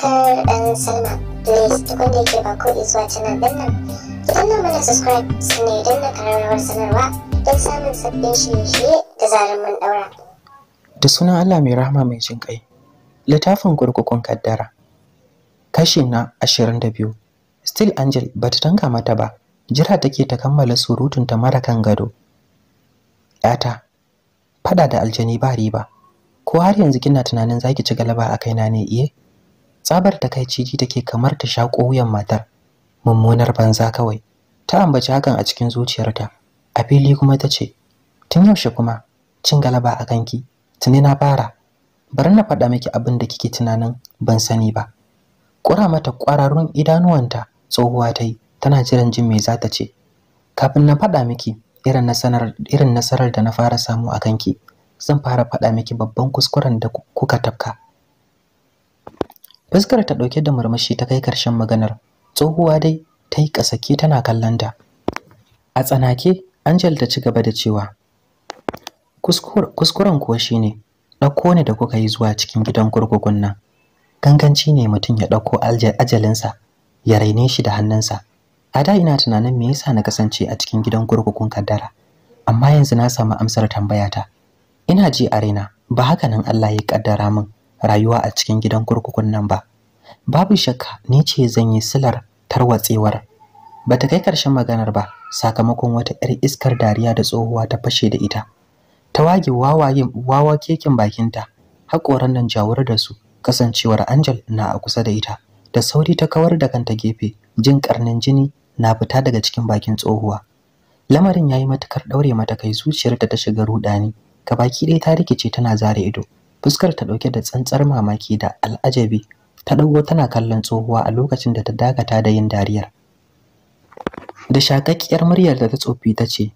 subscribe and sign up. Please tukun da yake ba ko zuwa canal nan. Ki danna mana subscribe sannan idan na kararrawar sanarwa don samun sabbin shirye-shirye da zarar mun daura. Da sunan Allah mai rahama mai jin ƙai. Littafin kurkukun kaddara. Kashi na ashirin da biyu. Still Angel ba ta tanka mata ba. Jira take ta kammala surutunta mara kan gado. ‘Yata, fada da aljani ba riba, ko har yanzu kina tunanin zaki ci galaba a kaina ne iye? tsabar takaici ji take kamar ta sha wuyan matar mummunar banza kawai ta ambaci hakan a cikin zuciyarta a fili kuma ta ce tun yaushe kuma cin galaba a kanki tuni na fara bari na faɗa miki abin da kike tunanin ban sani ba ƙura mata ƙwararrun idanuwanta tsohuwa ta yi tana jiran jin me za ta ce kafin na faɗa miki irin nasarar irin nasarar da na fara samu a kanki zan fara faɗa miki babban kuskuren da kuka tafka fuskar ta ɗauke da murmushi ta kai ƙarshen maganar tsohuwa dai ta yi kasake tana kallon ta a tsanake angel ta ci gaba da cewa kuskuren kuwa shine ɗauko ne da kuka yi zuwa cikin gidan kurkukun nan ganganci ne mutum ya ɗauko ajalinsa ya raine shi da hannunsa a da ina tunanin me yasa na kasance a cikin gidan kurkukun kaddara amma yanzu na samu amsar tambayata ina ji a raina ba haka nan Allah ya kaddara min rayuwa a cikin gidan kurkukun nan ba babu shakka ni ce zan yi silar tarwatsewar ba ta kai ƙarshen maganar ba sakamakon wata 'yar iskar dariya da tsohuwa ta fashe da ita ta wage wawayen wawa keken bakinta haƙoran nan jawar da su kasancewar Angel na a kusa da ita da sauri ta kawar da kanta gefe jin karnin jini na fita daga cikin bakin tsohuwa lamarin yayi matukar daure mata kai zuciyarta ta shiga rudani baki ɗaya ta rikice tana zare ido fuskar ta dauke da tsantsar mamaki da al'ajabi ta dago tana kallon tsohuwa a lokacin da ta dakata da yin dariyar da shakakkiyar muryar da ta tsofi ta ce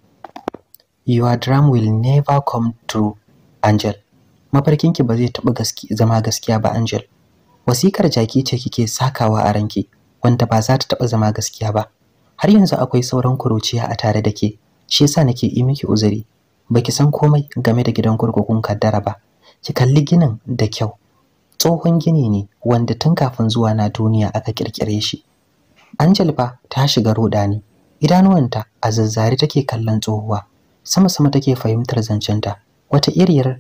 your dream will never come true angel mafarkinki ba zai taɓa zama gaskiya ba angel wasikar jaki ce kike sakawa a ranki wanda ba za ta taɓa zama gaskiya ba har yanzu akwai sauran kuruciya a tare da ke shi yasa nake yi miki uzuri baki san komai game da gidan kurkukun kaddara ba ki kalli ginin da kyau tsohon gini ne wanda tun kafin zuwa na duniya aka kirkire shi Angel fa ta shiga rodani idanuwanta a zazzare take kallon tsohuwa sama sama take fahimtar zancenta wata iriyar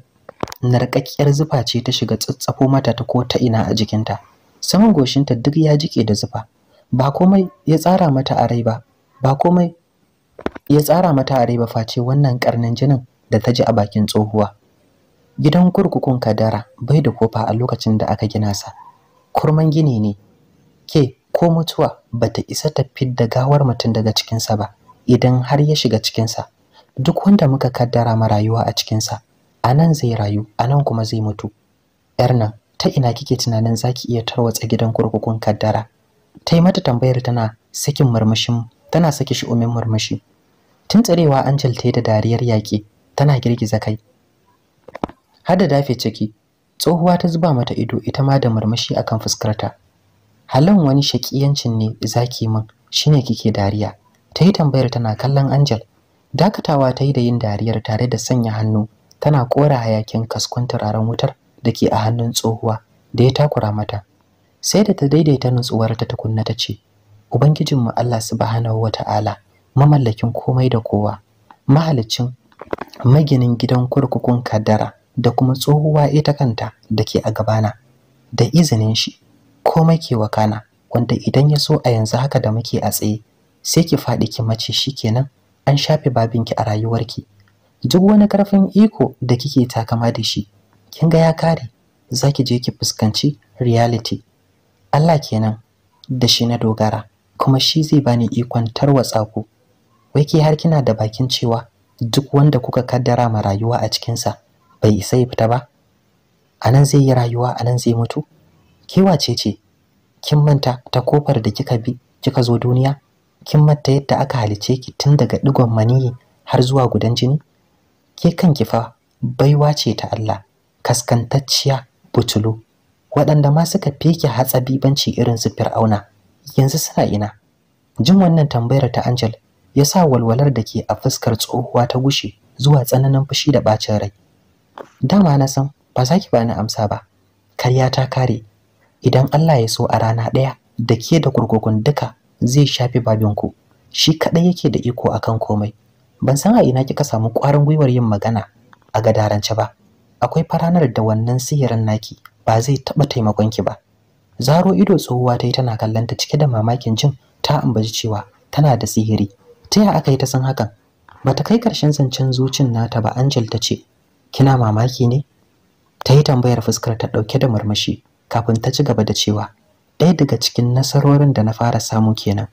narkakkiyar zufa ce ta shiga tsatsafo mata ta ko ta ina a jikinta saman goshinta duk ya jike da zufa ba komai ya tsara mata a rai ba ba komai ya tsara mata a rai ba face wannan karnin jinin da ta ji a bakin tsohuwa Gidan kurkukun Kadara bai da kofa a lokacin da aka gina sa. Kurman gini ne. Ke ko mutuwa ba ta isa ta fidda gawar mutum daga cikinsa ba idan har ya shiga cikinsa. Duk wanda muka kaddara marayuwa a cikinsa, a nan zai rayu, a nan kuma zai mutu. ‘Yar nan, ta ina kike tunanin za ki iya tarwatsa gidan kurkukun Kaddara? Ta mata tambayar tana sakin murmushin, tana saki shi'umin murmushi. Tun tsarewa Angel ta yi da dariyar yaƙi, tana girgiza kai. har da dafe ciki tsohuwa ta zuba mata ido ita ma da murmushi akan fuskarta halan wani shakiyancin ne zaki min shine kike dariya ta yi tambayar tana kallon angel dakatawa ta yi da yin dariyar tare da sanya hannu tana kora hayakin kaskon turaren wutar da ke a hannun tsohuwa da ya takura mata sai da ta daidaita nutsuwar ta kunna ta ce ubangijinmu allah subhanahu wata'ala mamallakin komai da kowa mahalicin maginin gidan kurkukun kaddara da kuma tsohuwa ita kanta da ke a gabana da izinin shi komai ke wakana wanda idan ya so a yanzu haka da muke a tsaye sai ki faɗi ki mace shi kenan an shafe babinki a rayuwarki duk wani karfin iko da kike takama da shi kin ga ya kare za ki je ki fuskanci reality Allah kenan da shi na dogara kuma shi zai bani ikon tarwatsa ku wai ke har kina da bakin cewa duk wanda kuka kaddara ma rayuwa a cikinsa bai isa ya fita ba a nan zai yi rayuwa a nan zai mutu ke wace ce kin manta ta kofar da kika bi kika zo duniya kin manta yadda aka halice ki tun daga digon maniyi har zuwa gudan jini ke kanki fa baiwa ce ta Allah kaskantacciya butulu waɗanda ma suka feke bibanci irin su fir'auna yanzu suna ina jin wannan tambayar ta Angel ya sa walwalar da ke a fuskar tsohuwa ta gushe zuwa tsananin fushi da bacin rai dama na san ba za ki bani amsa ba karya ta kare idan Allah ya so a rana ɗaya da ke da kurkukun duka zai shafi babinku shi kaɗai yake da iko akan komai ban san a ina kika samu ƙwarin gwiwar yin magana a gadarance ba akwai faranar da wannan sihirin naki ba zai taɓa taimakon ki ba zaro ido tsohuwa ta yi tana kallonta cike da mamakin jin ta ambaci cewa tana da sihiri ta ya aka yi ta san hakan bata kai karshen zancen zucin nata ba angel ta ce kina mamaki ne ta yi tambayar fuskar ta ɗauke da murmushi kafin ta ci gaba da cewa ɗaya daga cikin nasarorin da na fara samu kenan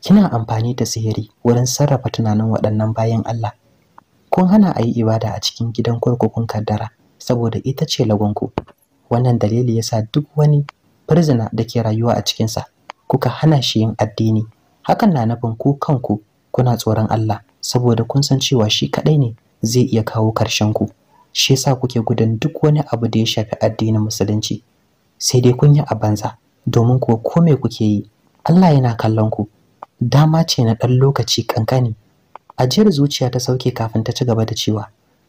kina amfani da sihiri wurin sarrafa tunanin waɗannan bayan Allah kun hana a yi ibada a cikin gidan kurkukun kaddara saboda ita ce lagonku wannan dalili yasa duk wani firzina da ke rayuwa a cikinsa kuka hana shi yin addini hakan na nufin ku kanku kuna tsoron Allah saboda kun san cewa shi kaɗai ne zai iya kawo ƙarshen ku shi yasa kuke gudun duk wani abu da ya shafi addinin musulunci sai dai kun yi a banza domin kuwa ko me kuke yi Allah yana kallon ku dama ce na ɗan lokaci kankani ajiyar zuciya ta sauke kafin ta ci gaba da cewa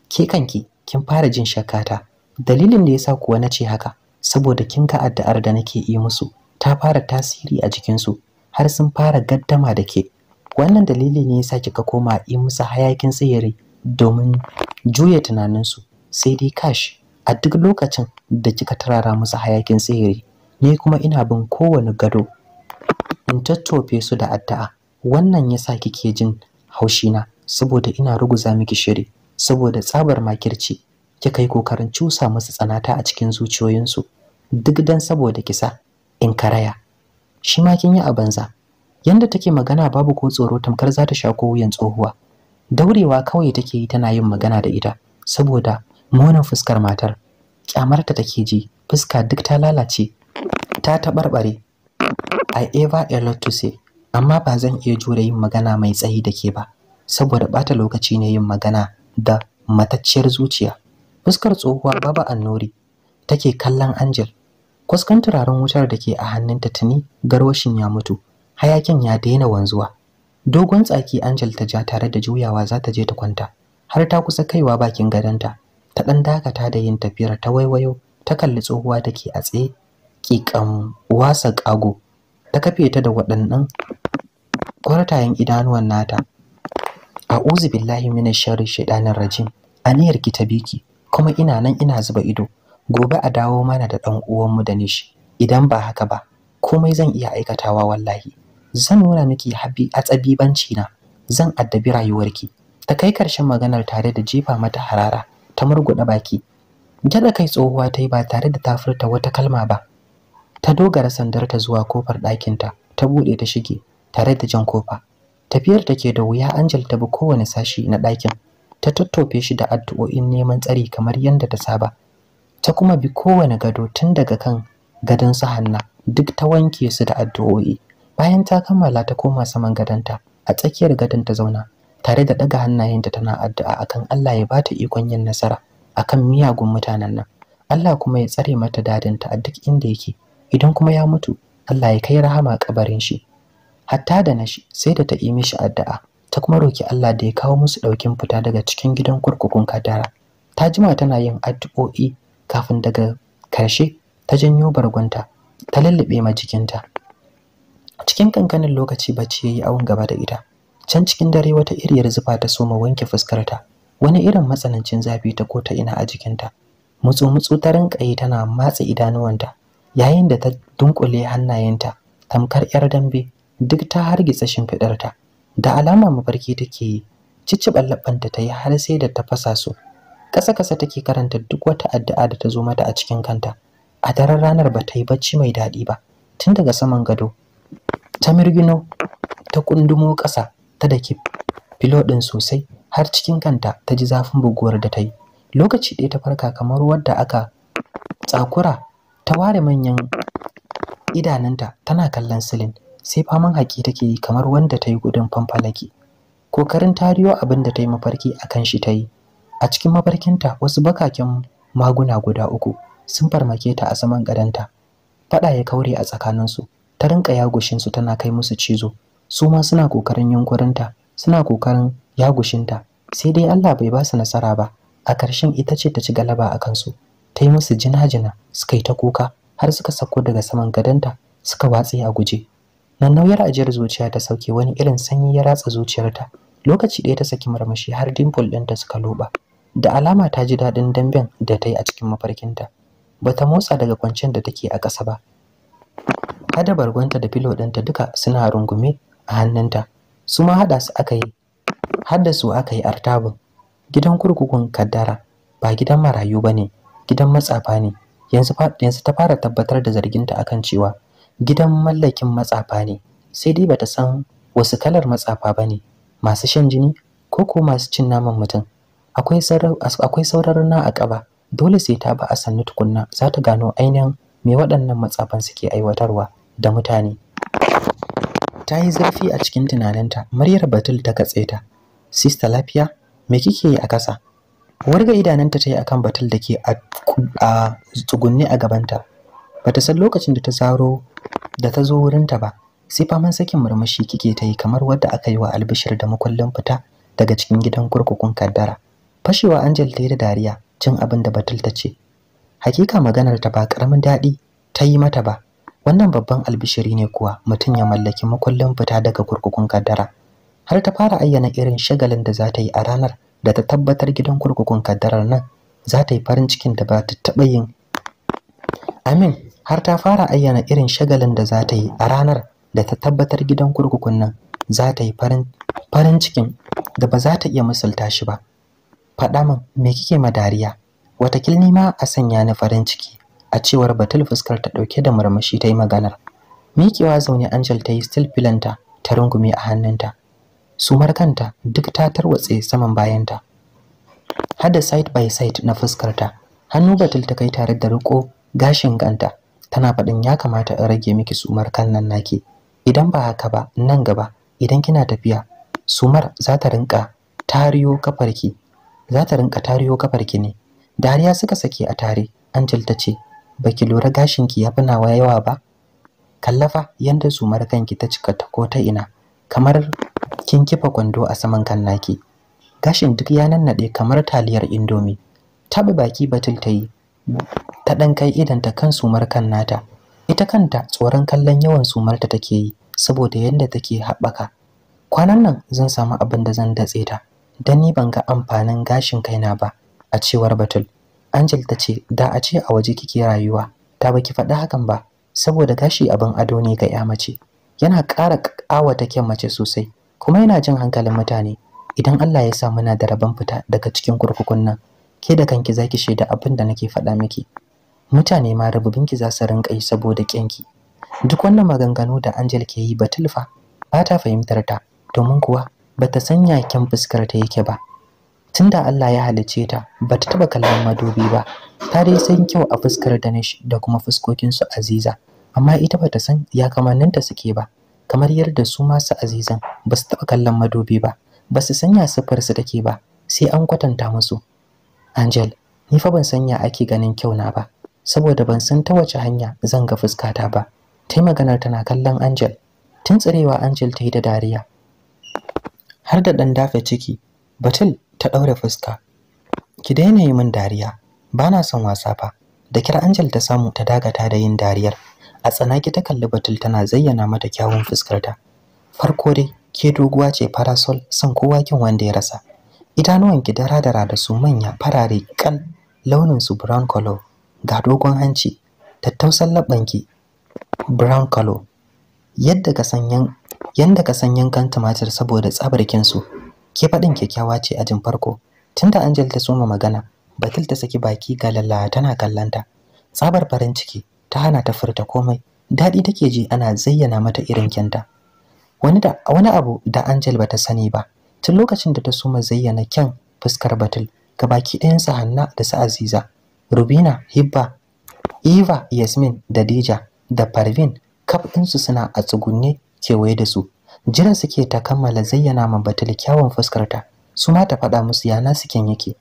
ke kanki kin fara jin shakata dalilin da yasa kuwa na ce haka saboda kin ga addu'ar da nake yi musu ta fara tasiri a jikinsu har sun fara gaddama da ke wannan dalili ne yasa kika koma yi musu hayakin sihiri domin juya tunaninsu sai dai kash a duk lokacin da kika tarara musu hayakin tsere ne kuma ina bin kowane gado in tattofe su da addu'a wannan yasa kike jin haushina saboda ina ruguza miki shiri saboda tsabar makirci kika yi kokarin cusa musu tsanata a cikin zuciyoyinsu duk dan saboda kisa in karaya shi ma kin yi a banza yanda take magana babu ko tsoro tamkar za ta sha ko wuyan tsohuwa daurewa kawai take yi tana yin magana da ita saboda munin fuskar matar kyamarta take ji fuska duk ta lalace ta taɓarɓare i ever a lot to say amma ba zan iya jure yin magana mai tsayi da ke ba saboda ɓata lokaci ne yin magana da matacciyar zuciya fuskar tsohuwa baba annori take kallon angel kuskan turaren wutar da ke a hannunta tuni garwashin ya mutu hayakin ya daina wanzuwa dogon tsaki angel ta ja tare da juyawa za ta je ta kwanta har ta kusa kaiwa bakin gadonta ta ɗan dakata da yin tafiyar ta waiwayo ta kalli tsohuwa da ke a tsaye kikan wasa ƙago ta kafe ta da waɗannan kwartayen idanuwan nata uzu, billahi minash sharri shaitanir rajim aniyar ki ta biki kuma ina nan ina zuba ido gobe a dawo mana da ɗan uwanmu da nishi idan ba haka ba komai zan iya aikatawa wallahi zan nuna miki habi a tsabibanci na zan addabi rayuwarki ta kai ƙarshen maganar tare da jefa mata harara ta murguɗa baki gyada kai tsohuwa ta yi ba tare da ta furta wata kalma ba ta dogara sandarta zuwa kofar ɗakinta ta buɗe ta shige tare da jan kofa tafiyar ta ke da wuya Anjel ta bi kowane sashi na ɗakin ta tattofe shi da addu'o'in neman tsari kamar yadda ta saba ta kuma bi kowane gado tun daga kan gadon su hanna duk ta wanke su da addu'o'i bayan ta kammala ta koma saman gadonta a tsakiyar gadon ta zauna tare da daga hannayenta tana addu'a akan Allah ya bata ikon yin nasara akan miyagun mutanen nan Allah kuma ya tsare mata dadinta a duk inda yake idan kuma ya mutu Allah ya kai rahama kabarin shi hatta da na shi, sai da ta yi mishi addu'a ta kuma roki Allah da ya kawo musu ɗaukin fita daga cikin gidan kurkukun kadara ta jima tana yin addu'o'i kafin daga karshe ta janyo bargunta ta lullube ma jikinta cikin kankanin lokaci bacci ya yi awon gaba da ita can cikin dare wata iriyar zufa ta soma wanke fuskarta wani irin matsanancin zafi ta ko ta ina a jikinta mutsu-mutsu ta rinkaye tana matsa idanuwanta yayin da ta dunkule hannayenta tamkar yar dambe duk ta hargitsa shimfiɗarta da alama mafarki take yi cici labbanta ta yi har sai da ta fasa su ƙasa-ƙasa take karanta duk wata addu'a da ta zo mata a cikin kanta a daren ranar ba ta yi bacci mai daɗi ba tun daga saman gado ta mirgino ta kundumo ƙasa ta dake filo ɗin sosai har cikin kanta ta ji zafin buguwar da ta yi lokaci ɗaya ta farka kamar wadda aka tsakura ta ware manyan idanunta tana kallon silin sai faman haƙi take yi kamar wanda ta yi gudun fanfalaki kokarin tariyo abin da ta yi mafarki a kan shi ta yi a cikin mafarkinta wasu bakaken maguna guda uku sun farmake ta a saman gadonta faɗa ya kaure a tsakaninsu ta rinka yagushinsu tana kai musu cizo su ma suna kokarin yunkurinta suna kokarin yagushinta sai dai Allah bai ba su nasara ba a ƙarshen ita ce ta ci galaba a kansu ta yi musu jina-jina suka yi ta kuka har suka sauko daga saman gadonta suka watse a guje nan nauyar ajiyar zuciya ta sauke wani irin sanyi ya ratsa zuciyarta lokaci ɗaya ta saki marmashi har dimple ɗinta suka loba da alama ta ji daɗin damben da ta yi a cikin mafarkinta ba ta motsa daga kwancen da take a ƙasa ba hada bargonta da filo ɗinta duka suna rungume a hannunta su ma haɗasu su aka yi har da su aka yi artabin gidan kurkukun kaddara ba gidan marayu ba ne gidan matsafa ne yanzu ta fara tabbatar da zarginta akan cewa gidan mallakin matsafa ne sai dai bata san wasu kalar matsafa ba ne masu shan jini ko ko masu cin naman mutum akwai sauraron na a ƙaba dole sai ta ba a sannu tukunna za ta gano ainihin me waɗannan matsafan suke aiwatarwa da mutane ta yi zurfi a cikin tunaninta muryar batul ta katse ta sista lafiya me kike yi a ƙasa warga idananta ta yi akan batul da ke a tsugunne a gabanta bata san lokacin da ta zaro da ta zo wurinta ba sai faman sakin murmushi kike ta yi kamar wadda aka yi wa albishir da makullin fita daga cikin gidan kurkukun kaddara fashewa angel ta yi da dariya cin abin da batul ta ce hakika maganar ta ba karamin daɗi ta yi mata ba wannan babban albishiri ne kuwa mutum ya mallaki makullin fita daga kurkukun kaddara har ta fara ayyana irin shagalin da za ta yi a ranar da ta tabbatar gidan kurkukun kaddarar nan za ta yi farin cikin da ba ta taɓa yin amin har ta fara ayyana irin shagalin da za ta yi a ranar da ta tabbatar gidan kurkukun nan za ta yi farin cikin da ba za ta iya misalta shi ba faɗa min me kike ma dariya watakil ni ma a sanya ni farin ciki a cewar batul fuskar ta dauke da murmushi ta yi maganar miƙewa zaune angel ta yi still filanta ta rungume a hannunta sumar kanta duk ta tarwatse saman bayanta hada side by side na fuskarta hannu batul ta kai tare da riko gashin kanta tana faɗin ya kamata in rage miki sumar kan nan naki idan ba haka ba nan gaba idan kina tafiya sumar za ta rinka tariyo kafarki za ta rinka tariyo kafarki ne dariya suka sake a tare angel ta ce baki lura gashinki ya fi nawa yawa ba kallafa yanda sumar kanki ta cika ta ko ta ina kamar kin kifa kwando a saman kan naki gashin duk ya nannade kamar taliyar indomi tabi baki batul ta yi ta dan kai ta kan sumar kan nata ita kanta tsoron kallon yawan sumarta take yi saboda yadda take haɓaka kwanan nan zan samu abin da zan datse ta dan ni ban ga amfanin gashin kaina ba a cewar batul Angel ta ce da a ce a waje kike rayuwa ta baki faɗi hakan ba saboda gashi abin ado ne ga ya mace yana ƙara ƙawata kyan mace sosai kuma yana jin hankalin mutane idan Allah ya sa muna da rabon fita daga cikin kurkukun nan ke da kanki zaki shaida abin da nake faɗa miki mutane ma rububinki za su rinka yi saboda kyanki duk wannan maganganu da Angel ke yi Batulfa ba ta fahimtar ta domin kuwa bata sanya kyan fuskar ta yake ba tunda Allah ya halice ta ba ta taɓa kallon madubi ba ta dai san kyau a fuskar Danish da kuma fuskokin su Aziza amma ita ba ta san ya ta suke ba kamar yadda su masu Azizan ba su taɓa kallon madubi ba ba su sanya siffar su take ba sai an kwatanta musu Angel ni fa ban sanya ake ganin kyau na ba saboda ban san ta wace hanya zan ga fuskata ba tai maganar tana kallon Angel tun tsarewa Angel ta yi da dariya har da ɗan dafe ciki Batul ta ɗaure fuska ki daina yi min dariya ba na son wasa fa da kira Angel ta samu ta dagata da yin dariyar a tsanaki ta kalli batul tana zayyana mata kyawun fuskarta farko dai ke doguwa ce parasol san kowa kin wanda ya rasa idanuwan ki dara dara da su manya farare kan launin su brown color ga dogon hanci tattausan labban ki brown color yadda ka san yan yanda ka san yankan tumatir saboda tsabarkin su ke faɗin kyakkyawa ce ajin farko tunda Angel ta soma magana Batul ta saki baki ga lalla tana kallanta tsabar farin ciki ta hana ta furta komai daɗi take ji ana zayyana mata irin kyanta wani da wani abu da Angel bata sani ba tun lokacin da ta soma zayyana kyan fuskar Batul baki sa Hanna da su Aziza Rubina Hibba Eva Yasmin da Dija da Parvin kaf ɗinsu suna a tsugunne kewaye da su jira suke ta kammala zayyana ma batul kyawun fuskarta su ma ta faɗa musu yana suken yake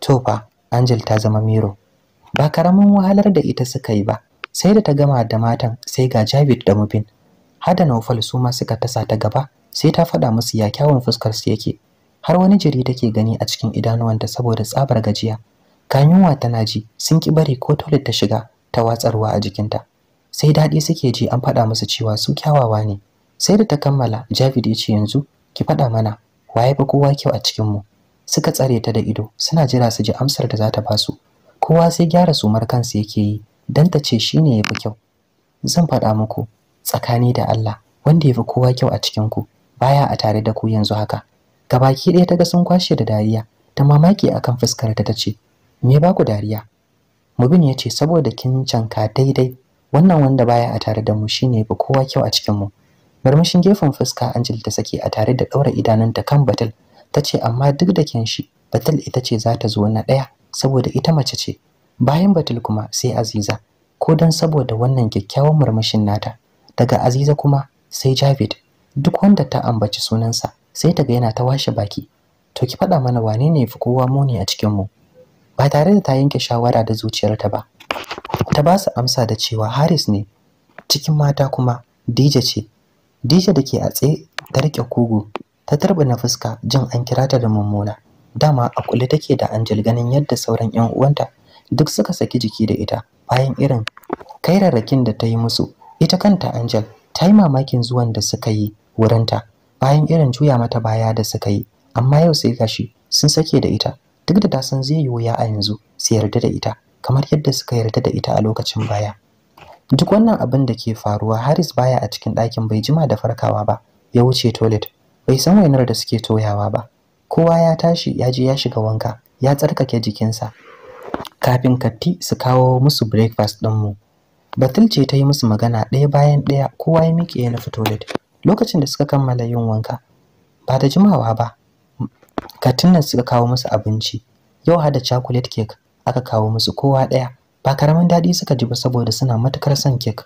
to fa angel ta zama miro ba karamin wahalar da ita suka yi ba sai da ta gama da matan sai ga Javid da Mubin hada Naufal su ma suka tasa ta gaba sai ta faɗa musu ya kyawun fuskar su yake har wani jiri take gani a cikin idanuwanta saboda tsabar gajiya kanyuwa tana ji sun ki bari ko toilet ta shiga ta watsarwa a jikinta sai daɗi suke ji an faɗa musu cewa su kyawawa ne sai da ta kammala Javid ya ce yanzu ki faɗa mana waye ba kowa kyau a cikin mu suka tsare ta da ido suna jira su ji amsar da za ta ba su, kowa sai gyara sumar kansa yake yi dan ta ce shine yafi kyau zan faɗa muku tsakani da Allah wanda ya fi kowa kyau a cikin ku baya a tare da ku yanzu haka gabaki ɗaya ta ga sun kwashe da dariya ta mamaki akan fuskar ta ce. me ba ku dariya mubin ya ce saboda kin canka daidai wannan wanda baya a tare da mu shine yafi kowa kyau a cikin mu Murmushin gefen fuska Angel ta sake a tare da ɗaura idanunta kan Batil tace amma duk da kyan shi batil ita ce za ta zo na ɗaya saboda ita mace ce bayan batil kuma sai Aziza ko dan saboda wannan kyakkyawan murmushin nata daga Aziza kuma sai Javid duk wanda ta ambaci sunansa sai ta ga yana ta washe baki to ki faɗa mana wane ne fi kowa muni a cikin mu ba tare da ta yanke shawara da zuciyarta ba ta ba su amsa da cewa Haris ne cikin mata kuma Dija ce Disha da ke a tsaye ta riƙe kogo ta na fuska jin an kira ta da mummuna. Dama a kulle take da Angel ganin yadda sauran 'yan uwanta duk suka saki jiki da ita bayan irin kairarrakin da ta yi musu. Ita kanta Angel ta yi mamakin zuwan da suka yi wurinta bayan irin juya mata baya da suka yi. Amma yau sai gashi sun sake da ita duk da ta san zai yi wuya a yanzu su yarda da ita kamar yadda suka yarda da ita a lokacin baya. duk wannan abin da ke faruwa haris baya a cikin ɗakin bai jima da farkawa ba ya wuce toilet bai san wainar da suke toyawa ba kowa ya tashi ya je ya shiga wanka ya tsarkake jikinsa kafin katti su kawo musu breakfast mu. batul ce ta yi musu magana ɗaya bayan ɗaya kowa ya miƙe ya nufi toilet lokacin da suka kammala yin wanka ba da jimawa ba katin nan suka kawo musu abinci yau hada chocolate cake aka kawo musu kowa ɗaya ba karamin daɗi suka ji ba saboda suna matukar son kek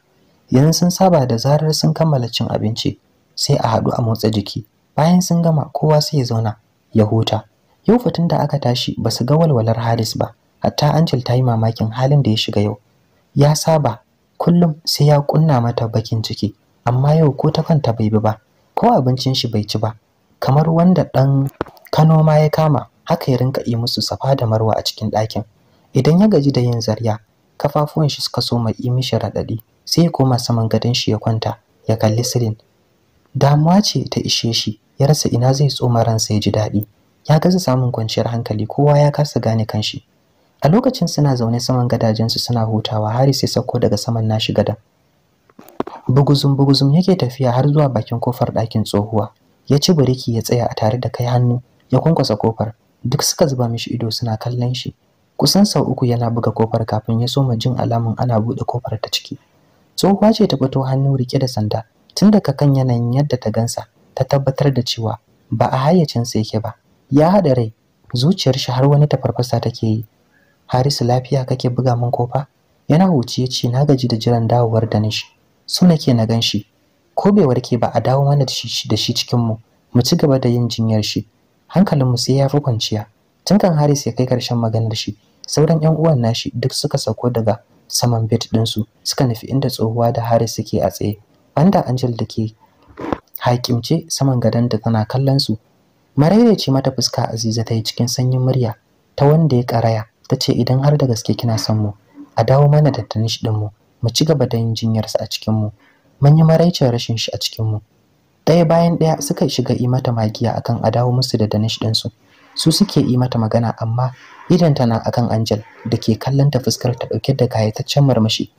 yanzu sun saba da zarar sun kammala cin abinci sai a haɗu a motsa jiki bayan sun gama kowa sai ya zauna ya huta yau fitin da aka tashi ba su ga walwalar halis ba hatta angel ta yi mamakin halin da ya shiga yau ya saba kullum sai ya kunna mata bakin ciki amma yau ko ta kwanta bai bi ba ko abincin shi bai ci ba kamar wanda ɗan kano ma ya kama haka ya rinka yi musu safa da marwa a cikin ɗakin idan ya gaji da yin zarya kafafuwan shi suka so mai mishi raɗaɗi sai ya koma saman gadon shi ya kwanta ya kalli sirin damuwa ce ta ishe shi ya rasa ina zai tsoma ransa ya ji daɗi ya gaza samun kwanciyar hankali kowa ya kasa gane kanshi a lokacin suna zaune saman gadajensu suna hutawa hari sai sauko daga saman nashi gadan buguzum buguzum yake tafiya har zuwa bakin kofar ɗakin tsohuwa ya ci buriki ya tsaya a tare da kai hannu ya kwankwasa kofar duk suka zuba mishi ido suna kallon shi kusan sau uku yana buga kofar kafin ya soma jin alamun ana buɗe kofar ta ciki tsohuwa ce ta fito hannu rike da sanda tun daga kan yanayin yadda ta gansa ta tabbatar da cewa ba a hayyacinsa yake ba ya haɗa rai zuciyar shi har wani tafarfasa take yi harisu lafiya kake buga min kofa yana huci ya ce na gaji da jiran dawowar da nishi. so nake na gan shi ko bai warke ba a dawo mana da shi cikin mu mu ci gaba da yin jinyar shi hankalinmu sai ya fi kwanciya tun kan haris ya kai karshen maganar shi sauran yan uwan nashi duk suka sauko daga saman bed ɗinsu suka nufi inda tsohuwa da hari suke a tsaye banda Angel da ke hakimce saman da tana kallon su maraire ce mata fuska Aziza ta yi cikin sanyin murya ta wanda ya karaya ta ce idan har da gaske kina son mu a dawo mana da tanish din mu mu ci gaba da yin jinyarsa a cikin mu mun yi maraicin rashin shi a cikin mu ɗaya bayan ɗaya suka shiga yi mata magiya akan a dawo musu da danish ɗinsu su su suke yi mata magana amma idan tana akan Angel da ke kallon ta fuskar ta dauke da kayataccen marmashi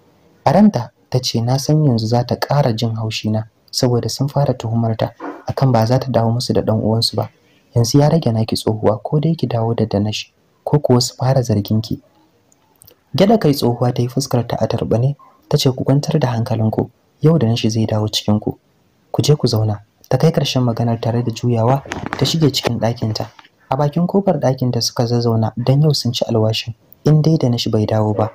a ranta ta ce na san yanzu za ta ƙara jin haushi na saboda sun fara tuhumar ta akan ba za ta dawo musu da dan uwansu ba yanzu ya rage naki tsohuwa ko dai ki dawo da danashi ko kuwa su fara zargin ki gyada kai tsohuwa ta yi fuskar ta a tarbane ta ce ku kwantar da hankalinku yau da nashi zai dawo cikin ku ku je ku zauna ta kai ƙarshen maganar tare da juyawa ta shige cikin ɗakinta a bakin kofar ɗakin da suka zazzauna don yau sun ci alwashin in dai da nashi bai dawo ba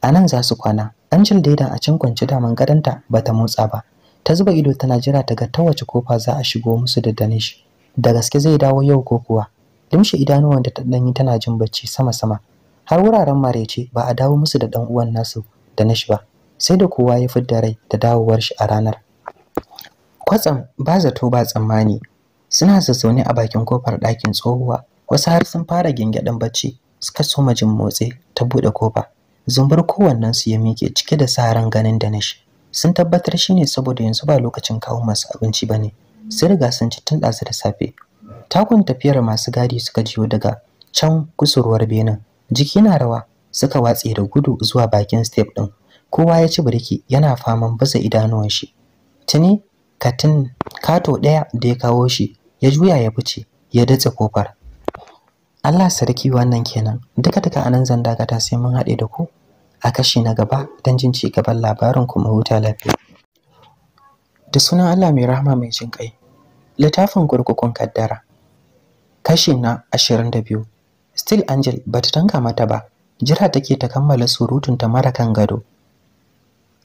a nan za su kwana angel daida a can kwance daman gadonta ba ta motsa ba ta zuba ido tana jira ta ga ta wace kofa za a shigo musu da danish da gaske zai dawo yau ko kuwa limshe idanuwan da ta danyi tana jin bacci sama sama har wuraren marece ba a dawo musu da dan uwan nasu da danish ba sai da kowa ya fidda rai da dawowar shi a ranar kwatsam ba zato ba tsammani suna zazzaune a bakin kofar ɗakin tsohuwa wasu har sun fara gingaɗin bacci suka soma jin motsi ta buɗe kofa zumbar kowannen su ya miƙe cike da saran ganin da nashi sun tabbatar shine saboda yanzu ba lokacin kawo masu abinci ba ne. sun riga sun ci tun ɗazu da safe takun tafiyar masu gadi suka jiyo daga can kusurwar benin jiki na rawa suka watse da gudu zuwa bakin step ɗin kowa ya ci birki yana faman baza idanuwan shi tuni katin kato ɗaya da ya kawo shi ya juya ya fice ya datse kofar Allah sarki wannan kenan duka duka anan zan dakata sai mun haɗe da ku a kashi na gaba don jin ci gaban labarin kuma huta lafiya da sunan Allah mai rahama mai jin kai littafin kurkukun kaddara kashi na 22 still angel bata tanka mata ba jira take ta kammala surutun ta mara kan gado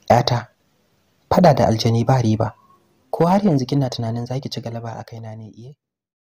yata fada da aljani ba riba ko har yanzu kina tunanin zaki ci galaba a kaina ne iye eh.